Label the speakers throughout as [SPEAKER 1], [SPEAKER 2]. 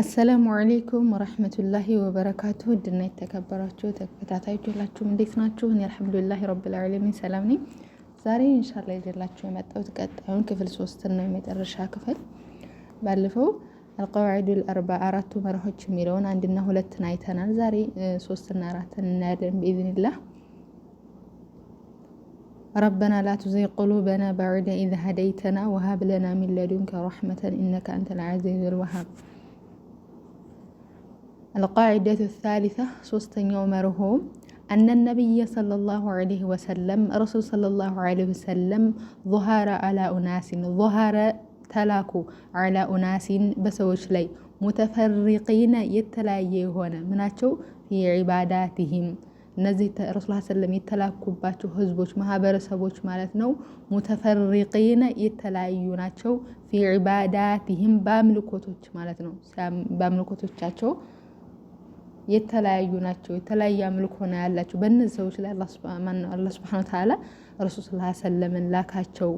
[SPEAKER 1] አሰላሙ አሌይኩም ወረህመቱላሂ ወበረካቱ ውድና የተከበራችሁ ተከታታዮች ሁላችሁም እንዴት ናችሁ? እኔ አልሐምዱሊላሂ ረብል ዓለሚን ሰላም ነኝ። ዛሬ እንሻላ ይዤላችሁ የመጣሁት ቀጣዩን ክፍል ሶስትን ነው የመጨረሻ ክፍል። ባለፈው አልቀዋዒዱል አርባ አራቱ መርሆች የሚለውን አንድና ሁለትን አይተናል። ዛሬ ሶስትና አራትን እናያለን ብኢዝኒላህ። ረበና ላቱዘይ ቁሉበና ባዕደ ኢዝ ሀደይተና ወሀብ ለና ሚን ለዱንከ ረሕመተን ኢነከ አንተል ዓዚዙል ወሃብ አልቃዒደቱ ሳሊሳ ሶስተኛው መርሆ አነ ነቢየ ሰለላሁ ዐለይሂ ወሰለም ረሱል ሰለላሁ ዐለይሂ ወሰለም ዙሃረ አላ ኡናሲን ዞሃረ ተላኩ አላ ኡናሲን በሰዎች ላይ ሙተፈሪቂነ የተለያየ የሆነ ምናቸው የዒባዳትህም እነዚህ ረሱል ሰለም የተላኩባቸው ህዝቦች ማህበረሰቦች ማለት ነው። ሙተፈሪቂነ የተለያዩ ናቸው። ፊ ዒባዳትህም በአምልኮቶች ማለት ነው። በአምልኮቶቻቸው የተለያዩ ናቸው። የተለያየ አምልኮ ነው ያላቸው። በእነዚህ ሰዎች ላይ አላህ ስብሐነ ተዓላ ረሱል ስ ሰለምን ላካቸው።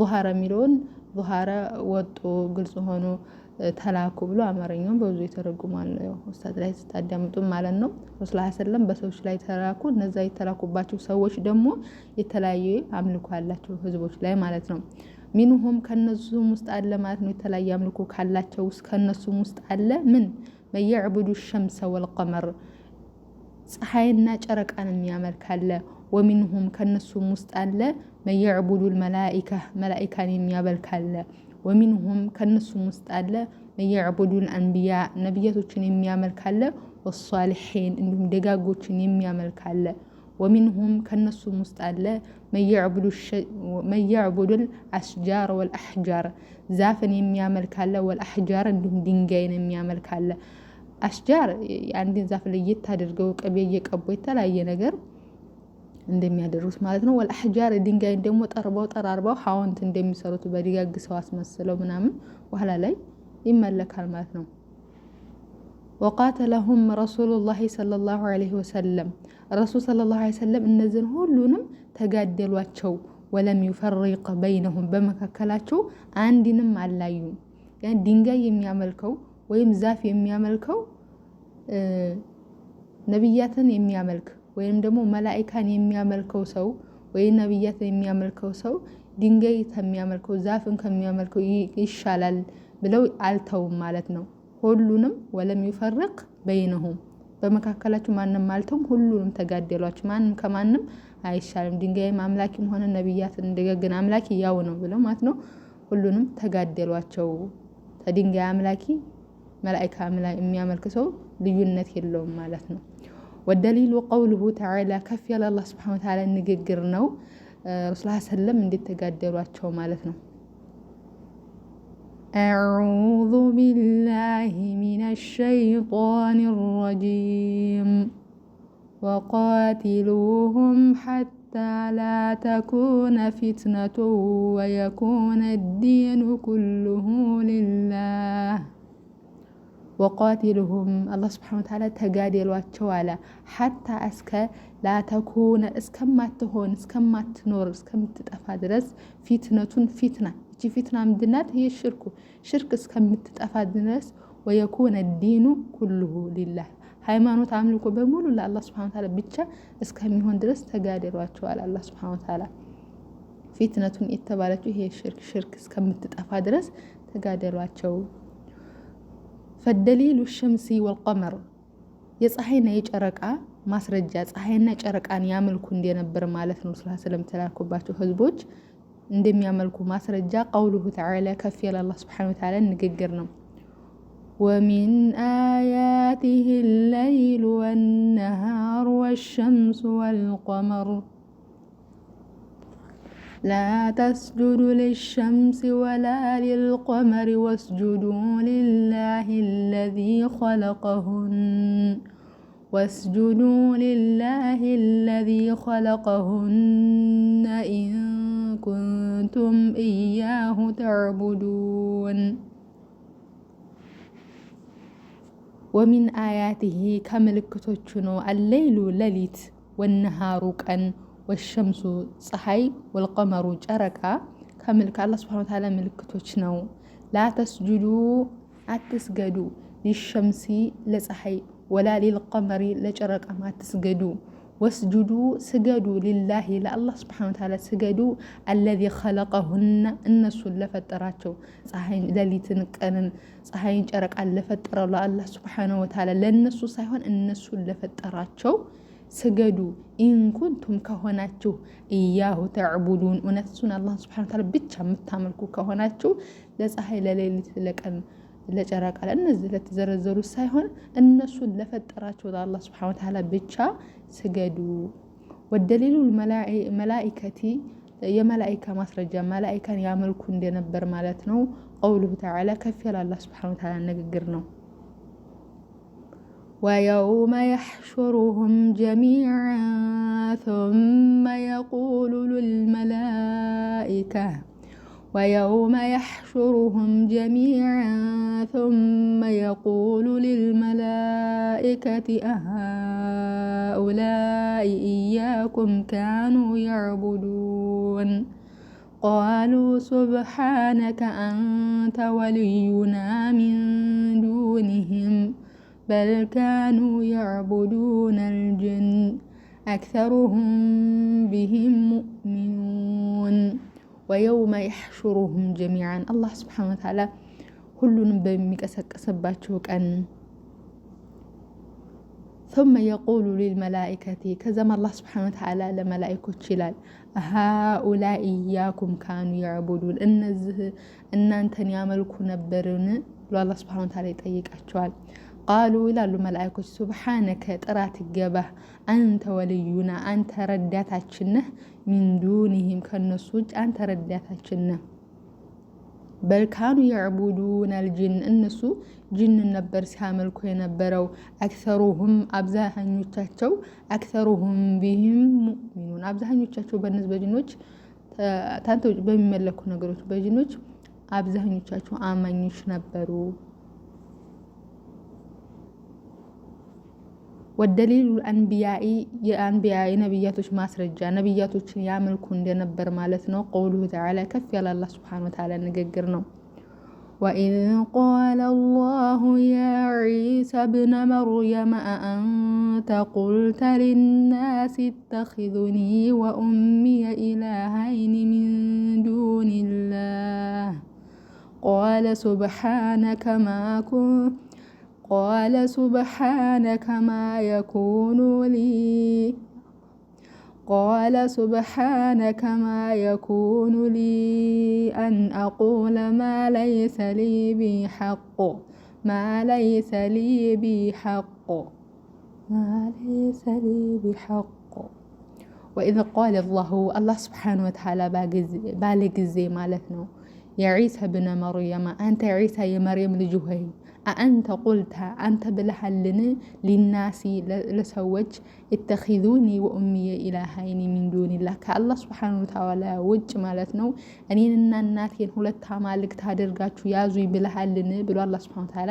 [SPEAKER 1] ዙሃረ የሚለውን ዙሃረ ወጡ፣ ግልጽ ሆኖ ተላኩ ብሎ አማርኛውን በብዙ የተረጉማል። ውስታት ላይ ስታዳምጡ ማለት ነው። ረሱል ስ ሰለም በሰዎች ላይ ተላኩ። እነዛ የተላኩባቸው ሰዎች ደግሞ የተለያየ አምልኮ ያላቸው ህዝቦች ላይ ማለት ነው። ሚንሁም ከነሱም ውስጥ አለ ማለት ነው። የተለያየ አምልኮ ካላቸው ውስጥ ከነሱም ውስጥ አለ ምን መየዕቡዱ ሸምሰ ወልቀመር ፀሐይና ጨረቃን የሚያመልክ ወሚንሁም ከነሱም ውስጥ አለ መየዕቡዱ ልመላኢካ መላኢካን የሚያመልክ ወሚንሁም ከነሱም ውስጥ አለ መየዕቡዱ ልአንቢያ ነቢያቶችን የሚያመልክ አለ። ወሳሊሒን እንዲሁም ደጋጎችን የሚያመልክ ወሚንሁም ከነሱም ውስጥ አለ መየዕቡዱል አስጃር ወልአሕጃር ዛፍን የሚያመልክ አለ። ወልአሕጃር እንዲሁም ድንጋይን የሚያመልክ አሽጃር አንድን ዛፍ ለየት አድርገው ቅቤ እየቀቡ የተለያየ ነገር እንደሚያደርጉት ማለት ነው። ወልአሕጃር ድንጋይን ደግሞ ጠርበው ጠራርበው ሐውንት እንደሚሰሩት በድጋግ ሰው አስመስለው ምናምን በኋላ ላይ ይመለካል ማለት ነው። ወቃተለሁም ረሱሉላሂ ሰለላሁ ዐለይሂ ወሰለም ረሱል ሰለላሁ ዐለይሂ ወሰለም እነዚህን ሁሉንም ተጋደሏቸው። ወለም ዩፈሪቅ በይነሁም በመካከላቸው አንድንም አላዩም። ድንጋይ የሚያመልከው ወይም ዛፍ የሚያመልከው ነቢያትን የሚያመልክ ወይም ደግሞ መላኢካን የሚያመልከው ሰው ወይም ነቢያትን የሚያመልከው ሰው ድንጋይ ከሚያመልከው ዛፍን ከሚያመልከው ይሻላል ብለው አልተውም ማለት ነው። ሁሉንም ወለም ይፈርቅ በይነሁም በመካከላቸው ማንም አልተውም፣ ሁሉንም ተጋደሏቸው። ማንም ከማንም አይሻልም፣ ድንጋይም አምላኪም ሆነ ነቢያትን እንደገግን አምላኪ ያው ነው ብለው ማለት ነው። ሁሉንም ተጋደሏቸው ከድንጋይ አምላኪ መላይካ የሚያመልክ ሰው ልዩነት የለውም ማለት ነው። ወደሊሉ ቀውልሁ ተዓላ ከፍ ያለ አላህ ስብሐነ ወተዓላ ንግግር ነው። ረሱል ሰለም እንዴት ተጋደሏቸው ማለት ነው። አዑዙ ቢላሂ ሚነ ሸይጣን ረጂም ወቃቲሉሁም ሓታ ላ ተኩነ ፊትነቱ ወየኩነ ዲኑ ኩሉሁ ልላህ ወቃቲልሁም አላህ ስብሐነ ወተዓላ ተጋደሏቸው አለ። ሐታ እስከ ላተኩነ እስከማትሆን እስከማትኖር እስከምትጠፋ ድረስ ፊትነቱን ፊትና እቺ ፊትና ምንድናት? ይህ ሽርኩ ሽርክ እስከምትጠፋ ድረስ ወየኩነ ዲኑ ኩልሁ ሊላህ ሃይማኖት አምልኮ በሙሉ ለአላህ ስብሐነ ወተዓላ ብቻ እስከሚሆን ድረስ ተጋደሏቸው አለ አላህ ስብሐነ ወተዓላ። ፊትነቱን የተባለችው ይሄ ሽርክ ሽርክ እስከምትጠፋ ድረስ ተጋደሏቸው فالدليل الشمسي والقمر يصحينا يجرقا ماسرجا صحينا جرقان ياملكو اندي نبر مالث رسول صلى الله عليه وسلم حزبوج اندم ياملكو ماسرجا قوله تعالى كفي الله سبحانه وتعالى نغغرنا ومن آياته الليل والنهار والشمس والقمر لا تسجدوا للشمس ولا للقمر واسجدوا لله الذي خلقهن واسجدوا لله الذي خلقهن إن كنتم إياه تعبدون ومن آياته كملكቶቹ الليل لليت والنهار كأن ወሸምሱ ፀሐይ ወልቀመሩ ጨረቃ ከምልክ አላህ ሱብሓነሁ ወተዓላ ምልክቶች ነው። ላተስጁዱ አትስገዱ፣ ሊሸምሲ ለፀሐይ ወላ ሊልቀመሪ ለጨረቃም አትስገዱ። ወስጁዱ ስገዱ፣ ሊላሂ ለአላህ ሱብሓነሁ ወተዓላ ስገዱ። አለዚ ኸለቀሁና እነሱን ለፈጠራቸው ፀሐይን፣ ሌሊትን፣ ቀንን፣ ፀሐይን፣ ጨረቃን ለፈጠረው ለአላህ ሱብሓነሁ ወተዓላ ለእነሱ ሳይሆን እነሱን ለፈጠራቸው ስገዱ ኢንኩንቱም ከሆናችሁ እያሁ ተዕቡዱን እውነት እሱን አላህን ስብሐነ ብቻ የምታመልኩ ከሆናችሁ ለፀሐይ፣ ለሌሊት፣ ለቀን፣ ለጨረቃ ለእነዚህ ለተዘረዘሩት ሳይሆን እነሱን ለፈጠራቸው ለአላህ ስብሐነ ወተዓላ ብቻ ስገዱ። ወደሊሉ መላኢከቲ የመላኢካ ማስረጃ መላኢካን ያመልኩ እንደነበር ማለት ነው። ቀውሉሁ ተዓላ ከፍ ያለ አላህ ስብሐነ ወተዓላ ንግግር ነው። ويوم يحشرهم جميعا ثم يقول للملائكة ويوم يحشرهم جميعا ثم يقول للملائكة أهؤلاء إياكم كانوا يعبدون قالوا سبحانك أنت ولينا من دونهم بل كانوا يعبدون الجن أكثرهم بهم مؤمنون ወየውመ የሕሹሩሁም ጀሚዓን አላህ ስብሓን ወተዓላ ሁሉንም በሚቀሰቀስባቸው ቀን ثመ የቁሉ ሊልመላኢከቲ ከዛም አላህ ስብሓን ወተዓላ ለመላኢኮች ይላል ሃኡላ ኢያኩም ካኑ ያዕቡዱን እነዚህ እናንተን ያመልኩ ነበርን ብሎ አላህ ስብሓን ወተዓላ ይጠይቃቸዋል። ቃሉ ይላሉ መላእኮች ሱብሓነከ ጥራት ገባ አንተ ወልዩና አንተ ረዳታችን ነህ። ሚን ዱኒሂም ከነሱ ውጭ አንተ ረዳታችን ነህ። በልካኑ የዕቡዱን አልጅን እነሱ ጅንን ነበር ሲያመልኩ የነበረው። አክሰሩሁም አብዛኞቻቸው አክሰሩሁም ቢህም ሙእሚኑን አብዛኞቻቸው በእነዚህ በጅኖች ታንተ በሚመለኩ ነገሮች በጅኖች አብዛኞቻቸው አማኞች ነበሩ። والدليل الأنبياء يا أنبياء نبياتوش ما سرجا نبياتوش يعمل كوندي نبر مالتنا قوله تعالى كفي على الله سبحانه وتعالى نققرنا وإذ قال الله يا عيسى ابن مريم أأنت قلت للناس اتخذني وأمي إلهين من دون الله قال سبحانك ما كنت قال سبحانك ما يكون لي قال سبحانك ما يكون لي أن أقول ما ليس لي بحق ما ليس لي بحق ما ليس لي بحق وإذا قال الله الله سبحانه وتعالى بالك زي مالتنا يا عيسى بن مريم أنت عيسى يا مريم لجهي አአንተ ቁልታ አንተ ብለሃልን ሊናሲ ለሰዎች የተኺዙኒ ወኡምየ ኢላሃይኒ ሚን ዱኒላ ከአላህ ስብሓን ወተዓላ ውጭ ማለት ነው እኔንና እናቴን ሁለት አማልክት አድርጋችሁ ያዙኝ ብለሃልን ብሎ አላህ ስብሓን ወተዓላ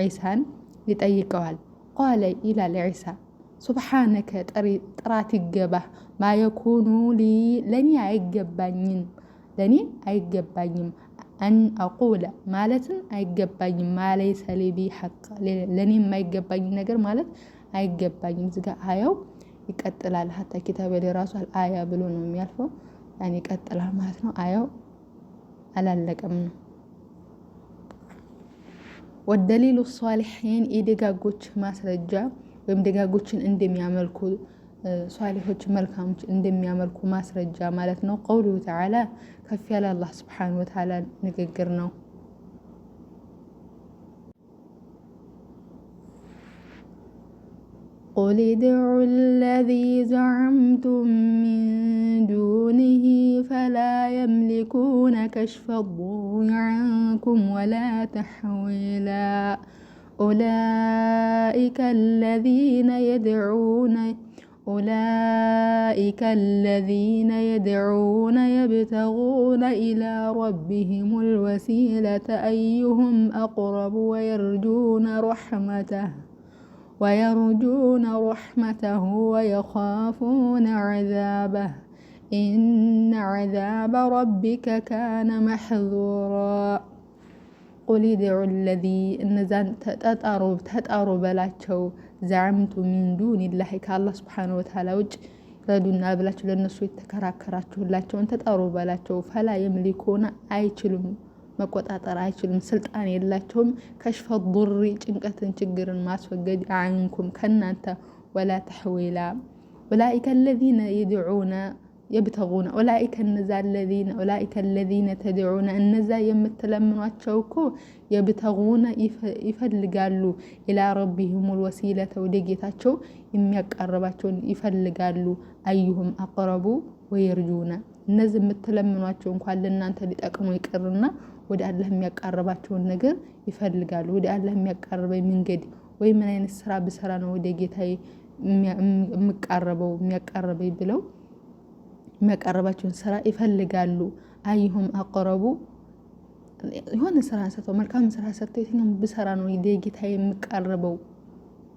[SPEAKER 1] ዒሳን ይጠይቀዋል። ቃለ ኢላል ዒሳ ሱብሓነከ ጥራት ይገባህ ማየኩኑ ለእኔ አይገባኝም ለእኔ አይገባኝም አን አቁለ ማለትን አይገባኝም። ማለይ ሰሊቢ ሐቅ ለእኔ የማይገባኝ ነገር ማለት አይገባኝም። እዚጋ አያው ይቀጥላል። ሀታ ኪታብ ላይ አያ ብሎ ነው የሚያልፈው። ያን ይቀጥላል ማለት ነው። አያው አላለቀም ነው። ወደሊሉ ሷሊሒን የደጋጎች ማስረጃ ወይም ደጋጎችን እንደሚያመልኩ ሷሊሆች መልካሞች እንደሚያመልኩ ማስረጃ ማለት ነው። ቀውሉ ተዓላ ከፍ ያለ አላህ ስብሓን ወተዓላ ንግግር ነው። ቁል ድዑ ለዚ ዘዐምቱም ሚን ዱንህ ፈላ የምሊኩነ ከሽፈ ዱር ዐንኩም ወላ ተሕዊላ ኡላኢከ ለዚነ የድዑነ أولئك الذين يدعون يبتغون إلى ربهم الوسيلة أيهم أقرب ويرجون رحمته ويرجون رحمته ويخافون عذابه إن عذاب ربك كان محذورا قل ادعوا الذي نزان تتأروا تتقرب لاتشو ዘዓምቱ ሚን ዱኒላሂ ከአላህ ስብሓነሁ ወተዓላ ውጭ ረዱና ብላችሁ ለእነሱ የተከራከራችሁላቸውን ተጣሩ በላቸው። ፈላ የምሊኩና አይችሉም፣ መቆጣጠር አይችሉም፣ ስልጣን የላቸውም። ከሽፈ ዱሪ ጭንቀትን፣ ችግርን ማስወገድ አንኩም ከእናንተ ወላ ተሕዊላ ኡላኢከ አለዚነ የድዑነ የብተጉነ ኡላኢከ እነዛ አለዚነ ኡላኢከ አለዚነ ተድዑነ እነዛ የምትለምኗቸው እኮ የብተጉነ ይፈልጋሉ ኢላ ረቢሂሙል ወሲለተ ወደ ጌታቸው የሚያቃርባቸውን ይፈልጋሉ አዩሁም አቅረቡ ወየርጁነ እነዚህ የምትለምኗቸው እንኳን ለእናንተ ሊጠቅሙ ይቅርና ወደ አላህ የሚያቃረባቸውን ነገር ይፈልጋሉ። ወደ አላህ የሚያቃርበኝ መንገድ ወይ ምን አይነት ስራ ብሰራ ነው ወደ ጌታ የምቃረበው የሚያቃረበኝ ብለው የሚያቀርባቸውን ስራ ይፈልጋሉ። አይሁም አቆረቡ የሆነ ስራ ሰጥተው መልካም ስራ ሰጥተው የትኛውም ብሰራ ነው ጌታ የምቀርበው።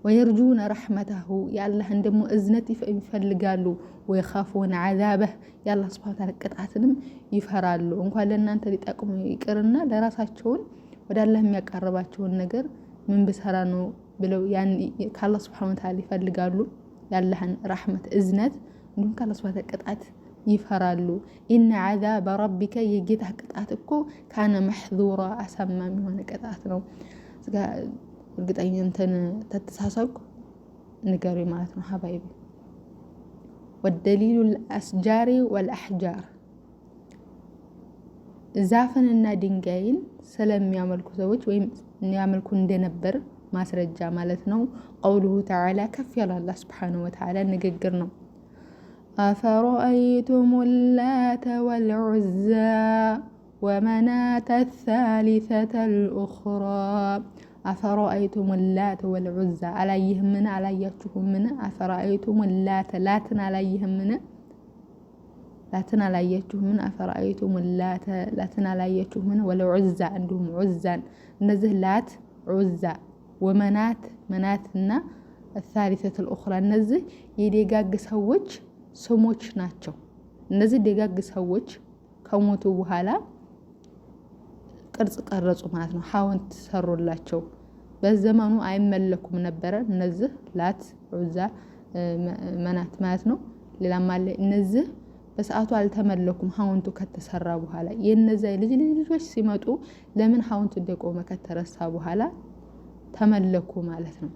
[SPEAKER 1] ወየርጁነ ረሕመታሁ የአላህን ደግሞ እዝነት ይፈልጋሉ። ወይኻፉነ ዓዛበህ የአላህ ስብሓን ታዓላ ቅጣትንም ይፈራሉ። እንኳን ለእናንተ ሊጠቅሙ ይቅርና ለራሳቸውን ወደ አላህ የሚያቀርባቸውን ነገር ምን ብሰራ ነው ብለው ከአላህ ስብሓን ታዓላ ይፈልጋሉ። የአላህን ራሕመት እዝነት እንዲሁም ከአላህ ስብሓን ቅጣት ይፈራሉ። ኢነ ዓዛበ ረቢከ የጌታ ቅጣት እኮ ካነ መሕዙራ አሳማሚ የሆነ ቅጣት ነው። እርግጠኛ እንትን ተተሳሰብኩ ንገሪ ማለት ነው ሀባይቢ። ወደሊሉ ልአስጃሪ ወልአሕጃር ዛፍንና ድንጋይን ስለሚያመልኩ ሰዎች ወይም ያመልኩ እንደነበር ማስረጃ ማለት ነው። ቀውሉሁ ተዓላ ከፍ ያለ አላህ ስብሓነሁ ወተዓላ ንግግር ነው። أفرأيتم اللات والعزى ومناة الثالثة الأخرى أفرأيتم اللات والعزى عليهم من عليتهم من أفرأيتم اللات لاتنا عليهم من لاتنا عليتهم من أفرأيتم اللات لاتنا عليتهم من والعزى عندهم عزا نزه لات عزى ومناة مناتنا الثالثة الأخرى يدي قاقس ሰዎች ስሞች ናቸው። እነዚህ ደጋግ ሰዎች ከሞቱ በኋላ ቅርጽ ቀረጹ ማለት ነው። ሐውልት ሰሩላቸው። በዘመኑ አይመለኩም ነበረ። እነዚህ ላት፣ ዑዛ፣ መናት ማለት ነው። ሌላም አለ። እነዚህ በሰዓቱ አልተመለኩም። ሀውንቱ ከተሰራ በኋላ የእነዚያ ልጅ ልጅ ልጆች ሲመጡ ለምን ሀውንቱ እንደቆመ ከተረሳ በኋላ ተመለኩ ማለት ነው።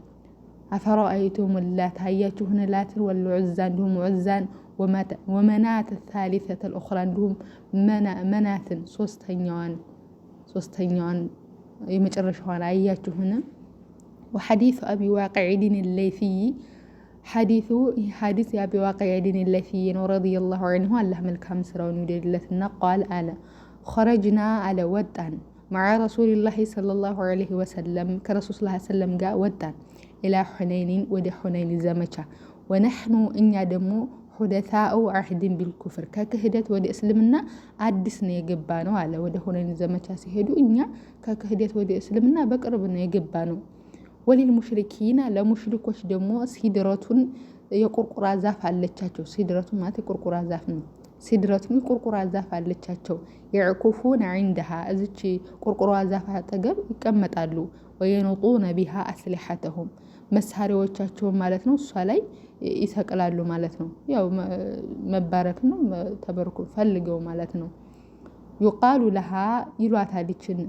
[SPEAKER 1] አፈራአይቱም ላት አያችሁን ላትን ወልዑዛ እንዲሁም ዑዛን ወመናት ታሊተተ ልኡኽራ እንዲሁም መናትን ሶስተኛዋን ሶስተኛዋን የመጨረሻዋን አያችሁን። ወሐዲሱ አቢ ዋቅዕ ዲን ለይፍይ ሐዲሱ ሐዲስ የአቢ ዋቅዕ ዲን ለይፍይ ነው። ረዲየላሁ ዐንሁ አላህ መልካም ስራውን ይውደድለትና ቃል አለ ኸረጅና አለ ወጣን መዓ ረሱሊላሂ ሰለላሁ ዐለይሂ ወሰለም ከረሱል ሰለም ጋር ወጣን ኢላ ሑነይኒን ወደ ሑነይን ዘመቻ ወነሕኑ እኛ ደግሞ ሁደታኡ አህድን ቢልኩፍር ከክህደት ወደ እስልምና አዲስ ነው የገባ ነው አለ። ወደ ሑነይን ዘመቻ ሲሄዱ እኛ ከክህደት ወደ እስልምና በቅርብ ነው የገባ ነው። ወሊል ሙሽሪኪና ለሙሽሪኮች ደግሞ ሲድረቱን የቁርቁራ ዛፍ አለቻቸው። ሲድረቱን ማለት የቁርቁራ ዛፍ ነው። ሲድረቱን የቁርቁራ ዛፍ አለቻቸው። የዕኩፉን ዒንደሃ እዚች ቁርቁራ ዛፍ አጠገብ ይቀመጣሉ። ወየኑጡነ ቢሃ አስሊሐተሁም መሳሪያዎቻቸውን ማለት ነው እሷ ላይ ይሰቅላሉ ማለት ነው። ያው መባረክ ነው ተበርኩ ፈልገው ማለት ነው። ዩቃሉ ለሃ ይሏታልችን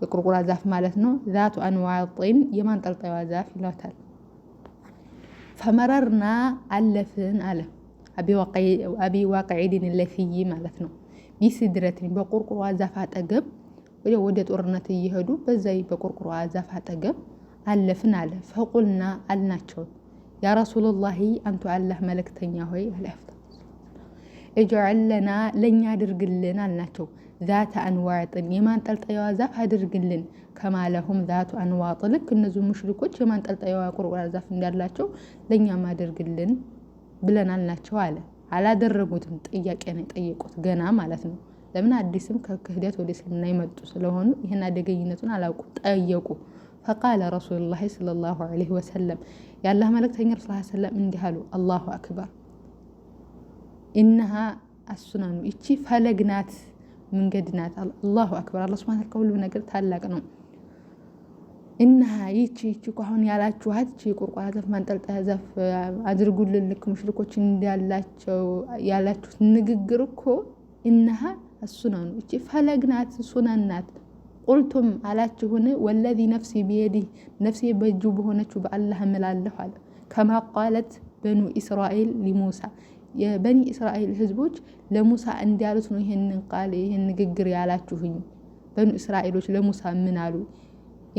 [SPEAKER 1] የቁርቁራ ዛፍ ማለት ነው። ዛቱ አንዋጢን የማንጠልጠያዋ ዛፍ ይሏታል። ፈመረርና አለፍን አለ አቢ ዋቅዒድን ለፊይ ማለት ነው። ቢስድረትን በቁርቁሯ ዛፍ አጠገብ ወደ ጦርነት እየሄዱ በዛይ በቁርቁሯ ዛፍ አጠገብ አለፍን አለ። ፈቁልና አልናቸው ያ ረሱሉላሂ አንቱ አላህ መልእክተኛ ሆይ አልፍታ እጅዐል ለእኛ አድርግልን አልናቸው። ዛተ አንዋጥን የማንጠልጠያዋ ዛፍ አድርግልን። ከማለሁም ዛቱ አንዋጥ ልክ እነዚህ ሙሽሪኮች የማንጠልጠያዋ ቁርቁራ ዛፍ እንዳላቸው ለእኛም አድርግልን ብለን አልናቸው አለ። አላደረጉትም። ጥያቄ ነው የጠየቁት ገና ማለት ነው። ለምን አዲስም ከክህደት ወደ እስልምና የመጡ ስለሆኑ ይህን አደገኝነቱን አላውቁ ጠየቁ። ፈቃለ ረሱሉላሂ ሰለላሁ ዐለይሂ ወሰለም የአላህ መልእክተኛ ረሱል ሰለም እንዲህ አሉ። አላሁ አክበር እነሃ አሱናኑ ይቺ ፈለግ ናት፣ መንገድ ናት። አላሁ አክበር አላ ስብን ከሁሉ ነገር ታላቅ ነው። እነሃ ይቺ ይቺ አሁን ያላችኋት ይቺ ቁርቋላ ዛፍ፣ ማንጠልጠያ ዛፍ አድርጉልን ልክ ሙሽሪኮች እንዳላቸው ያላችሁት ንግግር እኮ እነሃ አሱናኑ ይቺ ፈለግ ሱናን ናት ቁልቱም አላችሁን? ወለዚ ነፍሲ ቢየዲህ ነፍሴ በእጁ በሆነችው በአላህ እምላለሁ አለ። ከማ ቃለት በኑ ኢስራኤል ሊሙሳ የበኒ እስራኤል ህዝቦች ለሙሳ እንዲያሉት ነው። ይህንን ቃል ይህን ንግግር ያላችሁኝ በኑ እስራኤሎች ለሙሳ ምን አሉ?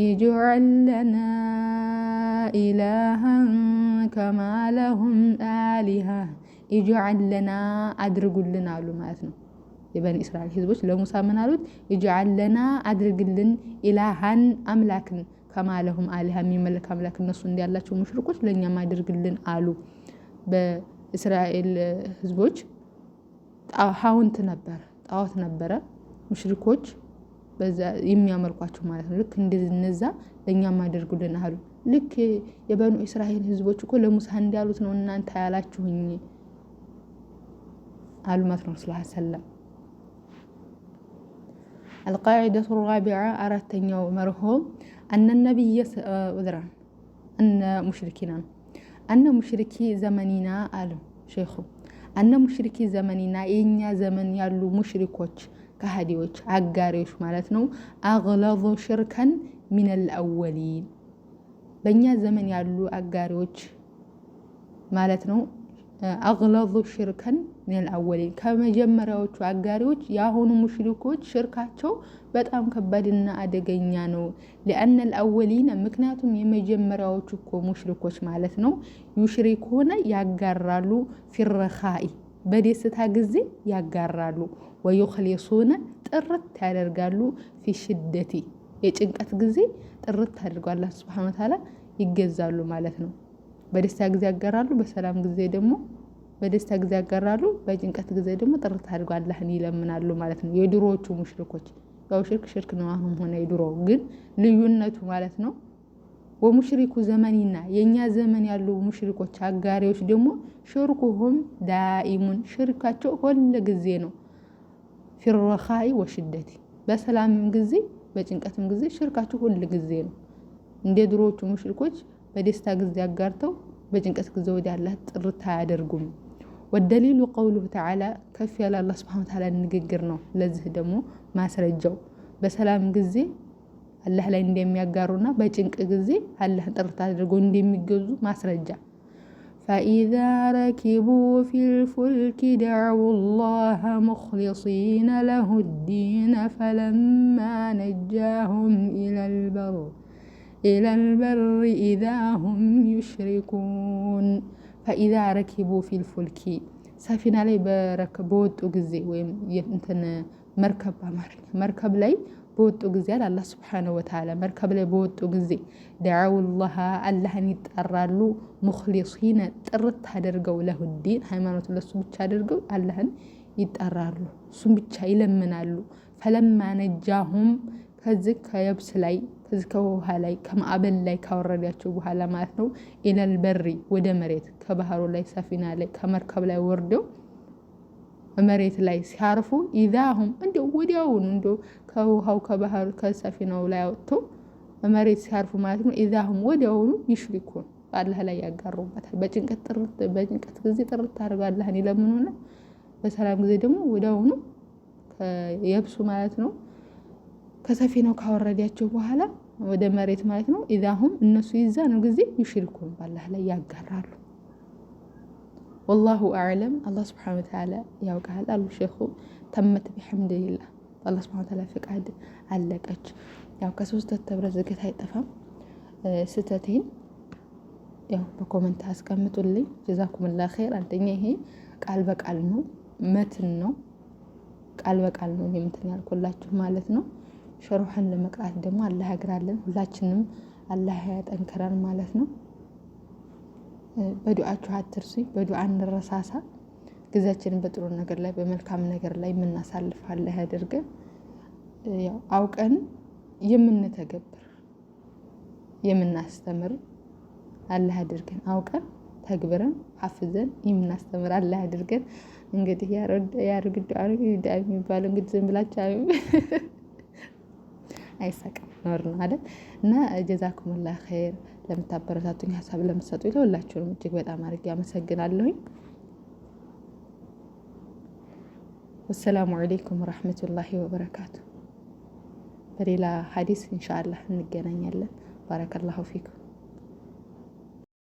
[SPEAKER 1] ኢጅዐል ለና ኢላሃን ከማ ለሁም አሊሃ ኢጅዐል ለና አድርጉልን አሉ ማለት ነው። የበኒ እስራኤል ህዝቦች ለሙሳ ምን አሉት? እጅዓል ለና አድርግልን ኢላሃን አምላክን ከማለሁም አሊሃ የሚመለክ አምላክ እነሱ እንዲያላቸው ሙሽርኮች ለእኛም አድርግልን አሉ። በእስራኤል ህዝቦች ሀውንት ነበረ፣ ጣዋት ነበረ ሙሽሪኮች የሚያመልኳቸው ማለት ነው። ልክ እንደነዛ ለእኛም አድርጉልን አሉ። ልክ የበኑ እስራኤል ህዝቦች እኮ ለሙሳ እንዳሉት ነው እናንተ ያላችሁኝ አሉ ማለት ነው። አልቃዒደቱ ራቢዓ አራተኛው መርሆ አነ ነቢየ ወዝራን እነ ሙሽሪኪና ነው። አነ ሙሽሪኪ ዘመኒና አሉ ሼኹ አነ ሙሽሪኪ ዘመኒና የኛ ዘመን ያሉ ሙሽሪኮች ከሃዲዎች አጋሪዎች ማለት ነው። አግለዙ ሽርከን ሚነል አወሊን በእኛ ዘመን ያሉ አጋሪዎች ማለት ነው። አግለዙ ሽርከን ሚል አወሊን ከመጀመሪያዎቹ አጋሪዎች የአሁኑ ሙሽሪኮች ሽርካቸው በጣም ከባድና አደገኛ ነው። ሊአነል አወሊነ ምክንያቱም የመጀመሪያዎቹ እኮ ሙሽሪኮች ማለት ነው ዩሽሪክ ሆነ ያጋራሉ፣ ፊረኻኢ በደስታ ጊዜ ያጋራሉ፣ ወዩክሊሱነ ጥርት ያደርጋሉ፣ ፊሽደቲ የጭንቀት ጊዜ ጥርት አድርገው አላህ ሱብሓነሁ ይገዛሉ ማለት ነው። በደስታ ጊዜ ያጋራሉ፣ በሰላም ጊዜ ደግሞ በደስታ ጊዜ ያጋራሉ፣ በጭንቀት ጊዜ ደግሞ ጥርት አድርጎ አላህን ይለምናሉ ማለት ነው። የድሮዎቹ ሙሽሪኮች ያው ሽርክ ሽርክ ነው፣ አሁን ሆነ የድሮ ግን ልዩነቱ ማለት ነው። ወሙሽሪኩ ዘመኒና የእኛ ዘመን ያሉ ሙሽሪኮች አጋሪዎች ደግሞ ሽርኩሁም ዳኢሙን ሽርካቸው ሁል ጊዜ ነው። ፊረኻይ ወሽደቲ በሰላምም ጊዜ በጭንቀትም ጊዜ ሽርካቸው ሁል ጊዜ ነው። እንደ ድሮዎቹ ሙሽሪኮች በደስታ ጊዜ አጋርተው በጭንቀት ጊዜ ወደ አላህ ጥርት አያደርጉም። ወደሊሉ ቀውሉሁ ተዓላ ከፍ ያለ አላህ ስብሐነ ወተዓላ ንግግር ነው። ለዚህ ደግሞ ማስረጃው በሰላም ጊዜ አላህ ላይ እንደሚያጋሩና በጭንቅ ጊዜ አላህን ጥርት አድርገው እንደሚገዙ ማስረጃ። ፈኢዛ ረኪቡ ፊልፉልኪ ደዐው ላህ ሙኽሊሲነ ለሁ ዲነ ፈለማ ነጃሁም ኢለልበር ኢለል በሪ ኢዛ ሁም ዩሽሪኩን ፈኢዛ ረኪቡ ፊልፉልኪ ሰፊና ላይ በወጡ ጊዜ ወይም እንትን መርከብ አማርኛ መርከብ ላይ በወጡ ጊዜ አለ አላህ ስብሓነሁ ወተዓላ መርከብ ላይ በወጡ ጊዜ ደዓውላሃ አላህን ይጠራሉ። ሙክሊሲነ ጥርት አድርገው ለሁዲን ሃይማኖቱን ለሱ ብቻ አድርገው አላህን ይጠራሉ፣ እሱም ብቻ ይለምናሉ። ፈለማ ነጃሁም ከዚህ ከየብስ ላይ ከዚህ ከውሃ ላይ ከማዕበል ላይ ካወረዳቸው በኋላ ማለት ነው ኢለል በሪ ወደ መሬት ከባህሩ ላይ ሰፊና ላይ ከመርከብ ላይ ወርደው መሬት ላይ ሲያርፉ ኢዛሁም እንዲ ወዲያውኑ እንዲ ከውሃው ከባህሩ ከሰፊናው ላይ አወጥተው መሬት ሲያርፉ ማለት ነው ኢዛሁም ወዲያውኑ ይሽሪኩን አላህ ላይ ያጋሩበታል። በጭንቀት ጊዜ ጥርት አድርገው አላህን ይለምኑና በሰላም ጊዜ ደግሞ ወዲያውኑ የብሱ ማለት ነው ከሰፊናው ካወረዳቸው በኋላ ወደ መሬት ማለት ነው። ኢዛሁም እነሱ ይዛ ነው ጊዜ ይሽርኩን ባላህ ላይ ያጋራሉ። ወላሁ አዕለም አላህ ስብሓነሁ ወተዓላ ያውቃል አሉ ሼኹ። ተመት ቢሐምድሊላህ አላህ ስብሓነሁ ወተዓላ ፍቃድ አለቀች። ያው ከስህተት ተብረ ዝገት አይጠፋም። ስህተቴን ያው በኮመንት አስቀምጡልኝ። ጀዛኩሙላህ ኸይር። አንደኛ ይሄ ቃል በቃል ነው፣ መትን ነው፣ ቃል በቃል ነው የምትን ያልኩላችሁ ማለት ነው። ሸርሖን ለመቅራት ደግሞ አላህ ያግራለን። ሁላችንም አላህ ያጠንክረን ማለት ነው። በዱዓችሁ አትርሱኝ፣ በዱዓ እንረሳሳ። ጊዜያችንን በጥሩ ነገር ላይ በመልካም ነገር ላይ የምናሳልፍ አላህ ያድርገን። ያው አውቀን የምንተገብር የምናስተምር አላህ ያድርገን። አውቀን ተግብረን ሀፍዘን የምናስተምር አላህ ያድርገን። እንግዲህ ያርግ ዱዓ የሚባለው እንግዲህ ዝም ብላችሁ አይሳቅም ነር ነው አይደል? እና ጀዛኩሙላ ኸይር ለምታበረታቱኝ ሀሳብ ለምትሰጡ ለሁላችሁንም እጅግ በጣም አድርጌ አመሰግናለሁኝ። ወሰላሙ አለይኩም ወረሕመቱላሂ ወበረካቱ። በሌላ ሀዲስ እንሻላ እንገናኛለን። ባረከላሁ ፊኩም።